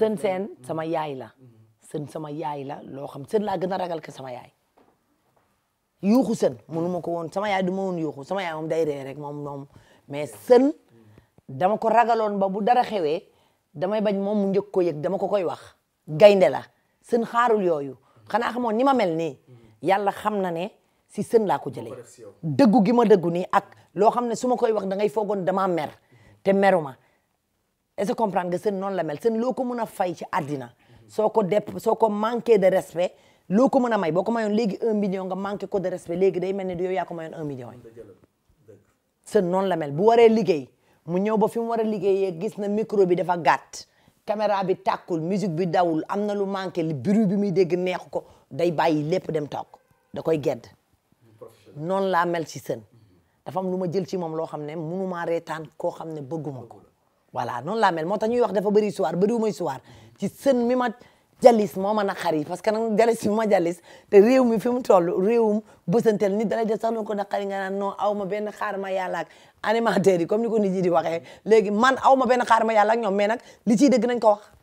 sën seen sama yaay la sën sama yaay la loo xam sën laa gën a ragal ke sama yaay yuuxu sën munu ma ko woon sama yaay du ma woon yuuxu sama yaay moom day ree rek moom moom mais sën dama ko ragaloon ba bu dara xewee damay bañ moom mu ko yëg dama ko koy wax gaynde la sën xaarul yooyu xanaa xamoon ni ma mel nii yàlla xam na ne si sën laa ko jëlee dëggu gi ma dëggu nii ak loo xam ne su ma koy wax da ngay foogoon damaa mer te meruma est ce que seen non la mel seen loo ko mën a fay si addina soo ko depp soo ko manqué de respect loo ko mën a may boo ko mayoon léegi un million nga manqué ko de respect léegi day mel ni yow yaa ko mayoon un million seen non la mel bu waree liggéey mu ñëw ba fi mu war a liggéeyee gis na micro bi dafa gàtt caméra bi tàkkul musique bi dawul am na lu manqué li biru bi muy dégg neexu ko day bàyyi lépp dem toog da koy gedd noonu laa mel si seen dafa am lu ma jël ci moom loo xam ne mënumaa reetaan koo xam ne bëgguma ko voilà noonu laa mel moo tax ñuy wax dafa bëri histoire bëriwuma histoire ci sën mi ma jalis moo ma naqari parce que nag jalis mi ma jalis te réew mi fi mu toll réewum bësantel nit dalay jël sax ko naqari nga naan non aw ma benn xaar ma yàlla ak animateurs yi comme ni ko nit yi di waxee léegi man aw ma benn xaar ma yàlla ak ñoom mais nag li ciy dëgg nañ ko wax